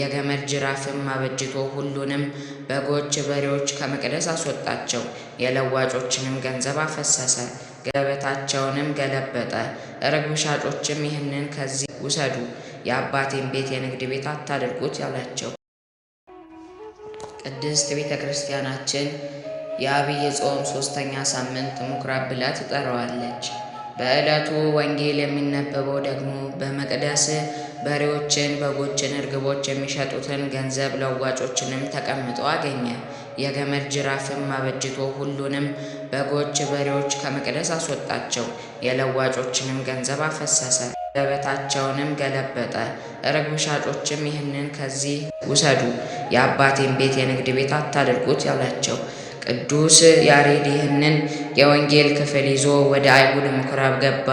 የገመድ ጅራፍም አበጅቶ ሁሉንም በጎች፣ በሬዎች ከመቅደስ አስወጣቸው። የለዋጮችንም ገንዘብ አፈሰሰ፣ ገበታቸውንም ገለበጠ። ርግብ ሻጮችም ይህንን ከዚህ ውሰዱ፣ የአባቴን ቤት የንግድ ቤት አታድርጉት አላቸው። ቅድስት ቤተ ክርስቲያናችን የአብይ ጾም ሶስተኛ ሳምንት ምኩራብ ብላ ትጠራዋለች። በዕለቱ ወንጌል የሚነበበው ደግሞ በመቅደስ በሬዎችን፣ በጎችን፣ እርግቦች የሚሸጡትን ገንዘብ ለዋጮችንም ተቀምጦ አገኘ። የገመድ ጅራፍም አበጅቶ ሁሉንም በጎች፣ በሬዎች ከመቅደስ አስወጣቸው። የለዋጮችንም ገንዘብ አፈሰሰ፣ ገበታቸውንም ገለበጠ። እርግብ ሻጮችም ይህንን ከዚህ ውሰዱ፣ የአባቴን ቤት የንግድ ቤት አታድርጉት አላቸው። ቅዱስ ያሬድ ይህንን የወንጌል ክፍል ይዞ ወደ አይሁድ ምኩራብ ገባ፣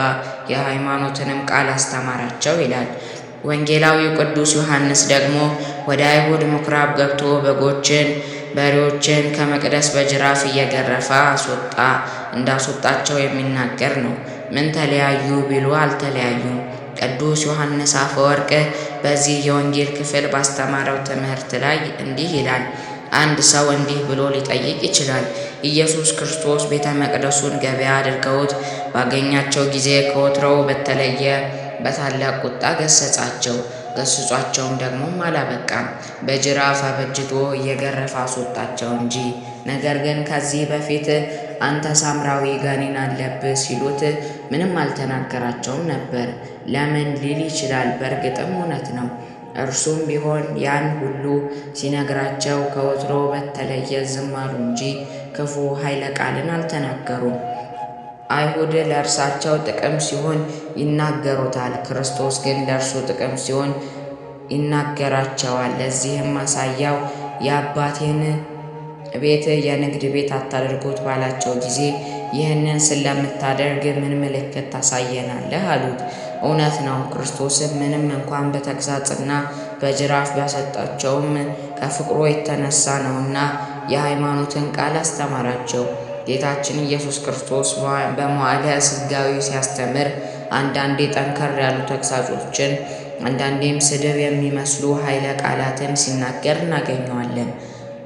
የሃይማኖትንም ቃል አስተማራቸው ይላል። ወንጌላዊው ቅዱስ ዮሐንስ ደግሞ ወደ አይሁድ ምኩራብ ገብቶ በጎችን በሬዎችን ከመቅደስ በጅራፍ እየገረፈ አስወጣ እንዳስወጣቸው የሚናገር ነው። ምን ተለያዩ ቢሉ አልተለያዩም። ቅዱስ ዮሐንስ አፈወርቅ በዚህ የወንጌል ክፍል ባስተማረው ትምህርት ላይ እንዲህ ይላል። አንድ ሰው እንዲህ ብሎ ሊጠይቅ ይችላል። ኢየሱስ ክርስቶስ ቤተ መቅደሱን ገበያ አድርገውት ባገኛቸው ጊዜ ከወትሮው በተለየ በታላቅ ቁጣ ገሰጻቸው። ገስጿቸውም ደግሞም አላበቃም፣ በጅራፍ አበጅቶ እየገረፈ አስወጣቸው እንጂ። ነገር ግን ከዚህ በፊት አንተ ሳምራዊ ጋኔን አለብህ ሲሉት ምንም አልተናገራቸውም ነበር። ለምን ሊል ይችላል። በእርግጥም እውነት ነው። እርሱም ቢሆን ያን ሁሉ ሲነግራቸው ከወትሮ በተለየ ዝም አሉ እንጂ ክፉ ኃይለ ቃልን አልተናገሩም። አይሁድ ለእርሳቸው ጥቅም ሲሆን ይናገሩታል፣ ክርስቶስ ግን ለእርሱ ጥቅም ሲሆን ይናገራቸዋል። ለዚህም ማሳያው የአባቴን ቤት የንግድ ቤት አታደርጉት ባላቸው ጊዜ ይህንን ስለምታደርግ ምን ምልክት ታሳየናለህ? አሉት። እውነት ነው። ክርስቶስ ምንም እንኳን በተግሳጽና በጅራፍ ቢያሰጣቸውም ከፍቅሩ የተነሳ ነውና የሃይማኖትን ቃል አስተማራቸው። ጌታችን ኢየሱስ ክርስቶስ በመዋዕለ ሥጋዌ ሲያስተምር አንዳንዴ ጠንከር ያሉ ተግሳጾችን፣ አንዳንዴም ስድብ የሚመስሉ ኃይለ ቃላትን ሲናገር እናገኘዋለን።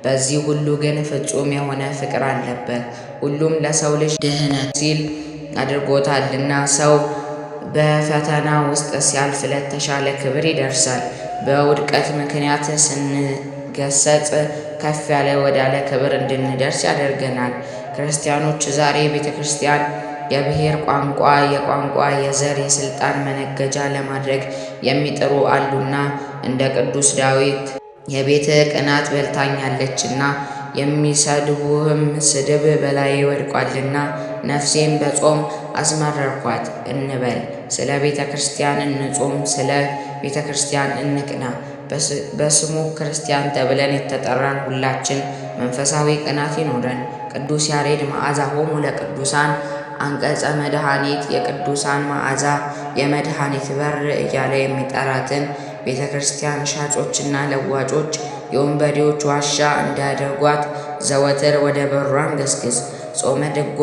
በዚህ ሁሉ ግን ፍጹም የሆነ ፍቅር አለበት። ሁሉም ለሰው ልጅ ድህነት ሲል አድርጎታልና ሰው በፈተና ውስጥ ሲያልፍ ለተሻለ ክብር ይደርሳል። በውድቀት ምክንያት ስንገሰጽ ከፍ ያለ ወዳለ ክብር እንድንደርስ ያደርገናል። ክርስቲያኖች ዛሬ ቤተ ክርስቲያን የብሔር ቋንቋ፣ የቋንቋ፣ የዘር፣ የስልጣን መነገጃ ለማድረግ የሚጥሩ አሉና እንደ ቅዱስ ዳዊት የቤት ቅናት በልታኛለችና የሚሰድቡህም ስድብ በላይ ወድቋልና ነፍሴን በጾም አስመረርኳት እንበል። ስለ ቤተ ክርስቲያን እንጹም፣ ስለ ቤተ ክርስቲያን እንቅና። በስሙ ክርስቲያን ተብለን የተጠራን ሁላችን መንፈሳዊ ቅናት ይኖረን። ቅዱስ ያሬድ ሆሙ ለቅዱሳን አንቀጸ መድኃኒት የቅዱሳን መዓዛ የመድኃኒት በር እያለ የሚጠራትን ቤተ ክርስቲያን ሻጮችና ለዋጮች የወንበዴዎች ዋሻ እንዳያደርጓት ዘወትር ወደ በሯን ገስግስ። ጾመ ድጓ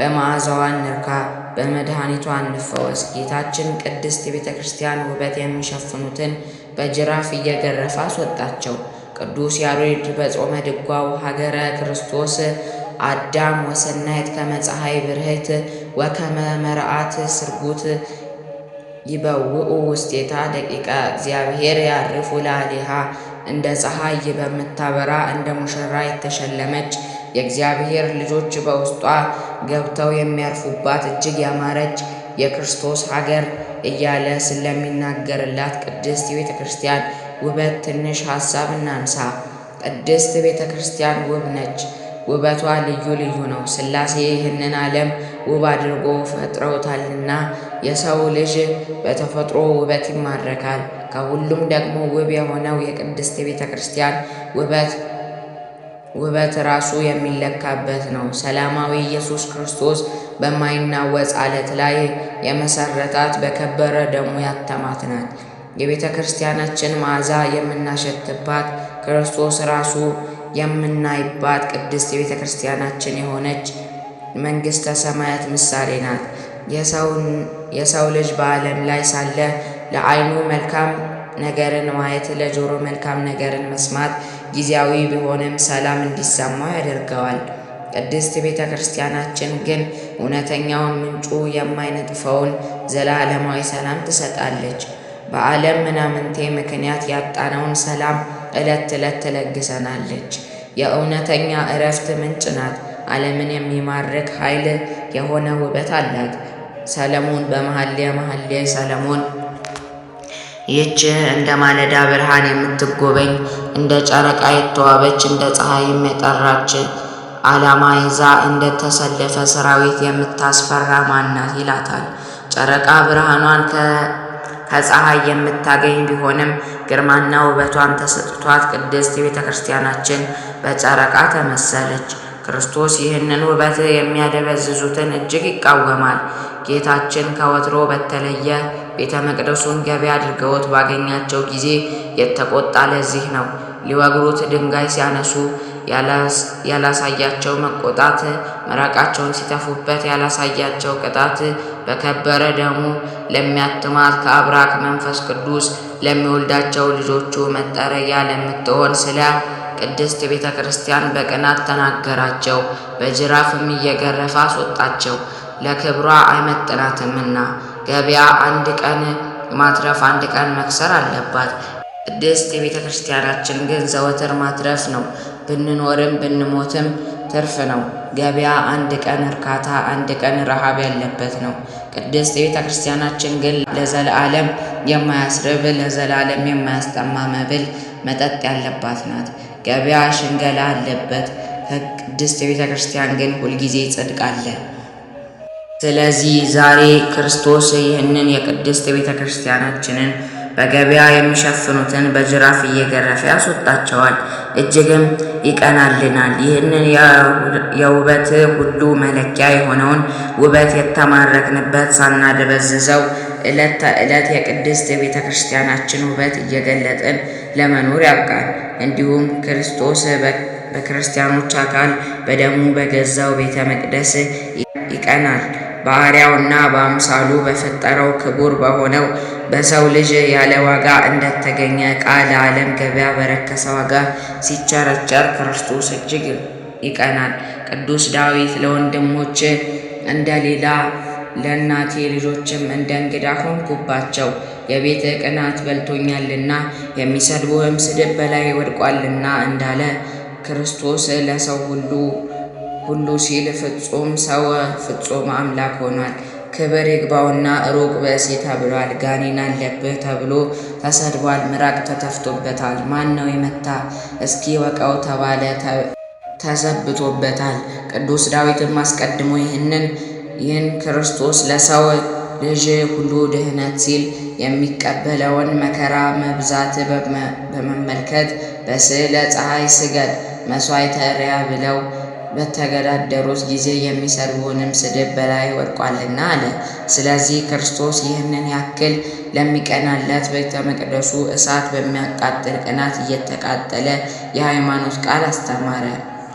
በመዓዛዋ ንርካ በመድኃኒቷ እንፈወስ። ጌታችን ቅድስት የቤተ ክርስቲያን ውበት የሚሸፍኑትን በጅራፍ እየገረፈ አስወጣቸው። ቅዱስ ያሬድ በጾመ ድጓው ሀገረ ክርስቶስ አዳም ወሰናየት ከመፀሐይ ብርህት ወከመ መርአት ስርጉት ይበውኡ ውስጤታ ደቂቃ እግዚአብሔር ያርፉ ላሊሃ እንደ ፀሐይ በምታበራ እንደ ሙሽራ የተሸለመች የእግዚአብሔር ልጆች በውስጧ ገብተው የሚያርፉባት እጅግ ያማረች የክርስቶስ ሀገር እያለ ስለሚናገርላት ቅድስት የቤተ ክርስቲያን ውበት ትንሽ ሀሳብ እናንሳ። ቅድስት ቤተ ክርስቲያን ውብ ነች። ውበቷ ልዩ ልዩ ነው። ሥላሴ ይህንን ዓለም ውብ አድርጎ ፈጥረውታልና የሰው ልጅ በተፈጥሮ ውበት ይማረካል። ከሁሉም ደግሞ ውብ የሆነው የቅድስት ቤተ ክርስቲያን ውበት ውበት ራሱ የሚለካበት ነው። ሰላማዊ ኢየሱስ ክርስቶስ በማይናወጽ ዓለት ላይ የመሰረታት በከበረ ደሙ ያተማት ናት። የቤተ ክርስቲያናችን መዓዛ የምናሸትባት ክርስቶስ ራሱ የምናይባት ቅድስት የቤተ ክርስቲያናችን የሆነች መንግሥተ ሰማያት ምሳሌ ናት። የሰው ልጅ በዓለም ላይ ሳለ ለዓይኑ መልካም ነገርን ማየት፣ ለጆሮ መልካም ነገርን መስማት ጊዜያዊ ቢሆንም ሰላም እንዲሰማው ያደርገዋል። ቅድስት ቤተ ክርስቲያናችን ግን እውነተኛውን ምንጩ የማይነጥፈውን ዘላለማዊ ሰላም ትሰጣለች። በዓለም ምናምንቴ ምክንያት ያጣነውን ሰላም ዕለት ዕለት ትለግሰናለች። የእውነተኛ እረፍት ምንጭ ናት። ዓለምን የሚማርክ ኃይል የሆነ ውበት አላት። ሰለሞን በመሐሌ መሐሌ ሰለሞን ይህች እንደ ማለዳ ብርሃን የምትጎበኝ እንደ ጨረቃ የተዋበች እንደ ፀሐይም የጠራች ዓላማ ይዛ እንደተሰለፈ ሰራዊት የምታስፈራ ማናት ይላታል። ጨረቃ ብርሃኗን ከፀሐይ የምታገኝ ቢሆንም ግርማና ውበቷን ተሰጥቷት ቅድስት ቤተ ክርስቲያናችን በጨረቃ ተመሰለች። ክርስቶስ ይህንን ውበት የሚያደበዝዙትን እጅግ ይቃወማል። ጌታችን ከወትሮ በተለየ ቤተ መቅደሱን ገበያ አድርገውት ባገኛቸው ጊዜ የተቆጣ ለዚህ ነው። ሊወግሩት ድንጋይ ሲያነሱ ያላሳያቸው መቆጣት፣ መራቃቸውን ሲተፉበት ያላሳያቸው ቅጣት በከበረ ደሙ ለሚያትማት ከአብራክ መንፈስ ቅዱስ ለሚወልዳቸው ልጆቹ መጠረያ ለምትሆን ስለ ቅድስት ቤተ ክርስቲያን በቅናት ተናገራቸው። በጅራፍም እየገረፈ አስወጣቸው፣ ለክብሯ አይመጥናትምና። ገበያ አንድ ቀን ማትረፍ አንድ ቀን መክሰር አለባት። ቅድስት የቤተ ክርስቲያናችን ግን ዘወትር ማትረፍ ነው። ብንኖርም ብንሞትም ትርፍ ነው። ገበያ አንድ ቀን እርካታ፣ አንድ ቀን ረሃብ ያለበት ነው። ቅድስት የቤተ ክርስቲያናችን ግን ለዘላለም የማያስርብ ለዘላለም የማያስጠማ መብል መጠጥ ያለባት ናት። ገበያ ሽንገላ አለበት። ከቅድስት የቤተ ክርስቲያን ግን ሁልጊዜ ጽድቅ አለ። ስለዚህ ዛሬ ክርስቶስ ይህንን የቅድስት ቤተ ክርስቲያናችንን በገበያ የሚሸፍኑትን በጅራፍ እየገረፈ ያስወጣቸዋል። እጅግም ይቀናልናል። ይህንን የውበት ሁሉ መለኪያ የሆነውን ውበት የተማረክንበት ሳናደበዝዘው ዕለት ተዕለት የቅድስት ቤተ ክርስቲያናችን ውበት እየገለጥን ለመኖር ያብቃል። እንዲሁም ክርስቶስ በክርስቲያኖች አካል በደሙ በገዛው ቤተ መቅደስ ይቀናል። በአርያውና በአምሳሉ በፈጠረው ክቡር በሆነው በሰው ልጅ ያለ ዋጋ እንደተገኘ ዕቃ ለዓለም ገበያ በረከሰ ዋጋ ሲቸረቸር ክርስቶስ እጅግ ይቀናል። ቅዱስ ዳዊት ለወንድሞች እንደ ሌላ ለእናቴ ልጆችም እንደ እንግዳ ሆንኩባቸው የቤት ቅናት በልቶኛልና የሚሰድቡህም ስድብ በላይ ወድቋልና እንዳለ ክርስቶስ ለሰው ሁሉ ሁሉ ሲል ፍጹም ሰው ፍጹም አምላክ ሆኗል። ክብር ይግባውና ሩቅ በሴ ተብሏል። ጋኔና አለብህ ተብሎ ተሰድቧል። ምራቅ ተተፍቶበታል። ማን ነው የመታ እስኪ ወቀው ተባለ ተዘብቶበታል። ቅዱስ ዳዊትም አስቀድሞ ይህንን ይህን ክርስቶስ ለሰው ልጅ ሁሉ ድህነት ሲል የሚቀበለውን መከራ መብዛት በመመልከት በስዕለ ፀሐይ ስገድ መሥዋዕተ ርያ ብለው በተገዳደሩት ጊዜ የሚሰድቡንም ስድብ በላይ ወድቋልና አለ። ስለዚህ ክርስቶስ ይህንን ያክል ለሚቀናለት ቤተ መቅደሱ እሳት በሚያቃጥል ቅናት እየተቃጠለ የሃይማኖት ቃል አስተማረ።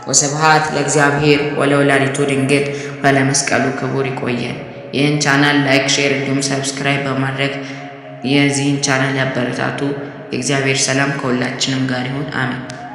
ወስብሐት ለእግዚአብሔር ወለወላዲቱ ድንግል ባለመስቀሉ ክቡር ይቆየን። ይህን ቻናል ላይክ፣ ሼር እንዲሁም ሰብስክራይብ በማድረግ የዚህን ቻናል ያበረታቱ። የእግዚአብሔር ሰላም ከሁላችንም ጋር ይሁን። አሜን።